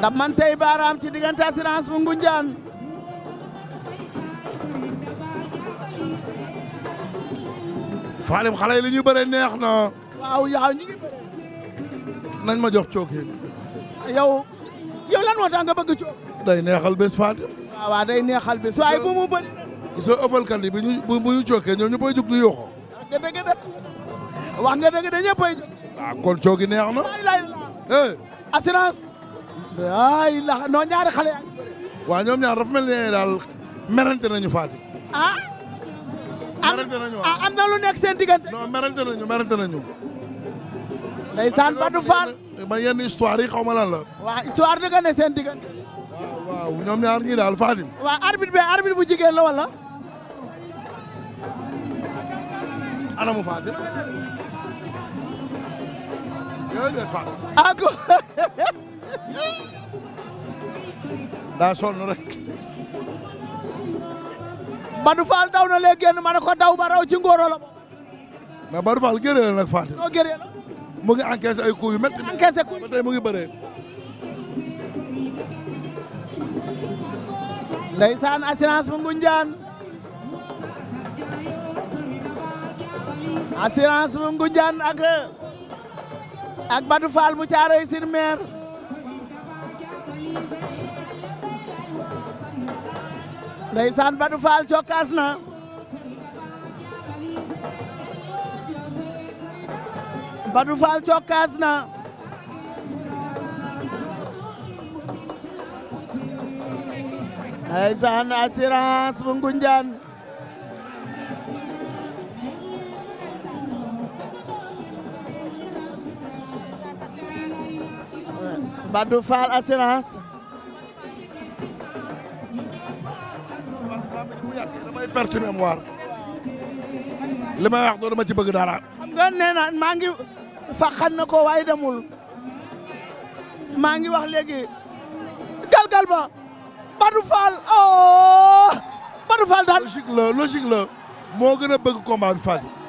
ndam man tay baram ci digant assurance bu Ngunjaan Falim xale li ñu bëre neex na. waaw yaa ñu ngi bëre. nañ ma jox cooke. yow yow lan moo tax nga bëgg ciok day neexal bes Fatim. waaw day neexal bes way bu mu bëri. soo ëppalkat yi bu ñu bu ñu cookee ñoom ñëppay jug di yuuxu. wax nga dëgg wax nga dëgg de ñëppay. ah kon cooke neex na. Eh. assurance. ay la non ñaari xale yaa ngi bëri. waaw ñoom ñaar dafa mel ni daal merante nañu Fatick. ah. merante nañu waaw am na lu nekk seen diggante. non merante nañu merante nañu. ndeysaan Badou Fall. man yenn histoire yi xaw ma lan la. waaw histoire da nga ne seen diggante. waaw waaw ñoom ñaar ñii daal Fatick. waaw arbitre bi arbitre bu jigéen la wala. anamu Fatick. jërëjëf Fatick. daa sonn rek. Badou Fall daw na léegi ma ne ko daw ba raw ci ngóoro la. mais Badou Fall gëree la nag Fatou. noo gëree la. mu ay coups yu métti. encaissé mu Ngunjaan. assurance ak ak mu caaroy sur mer. ndeysaan Badou Fall cokkaas na Badou Fall cokkaas na ndeysaan assurance bu Ngunjaan Badou Fall assurance bu yàggee may wax doo dama ci bëgg dara. xam nga maa ngi faxan na ko waaye demul maa ngi wax léegi galgal ba Badou Fall oh Badou Fall daal. logique la logique la moo gën a bëgg combat bi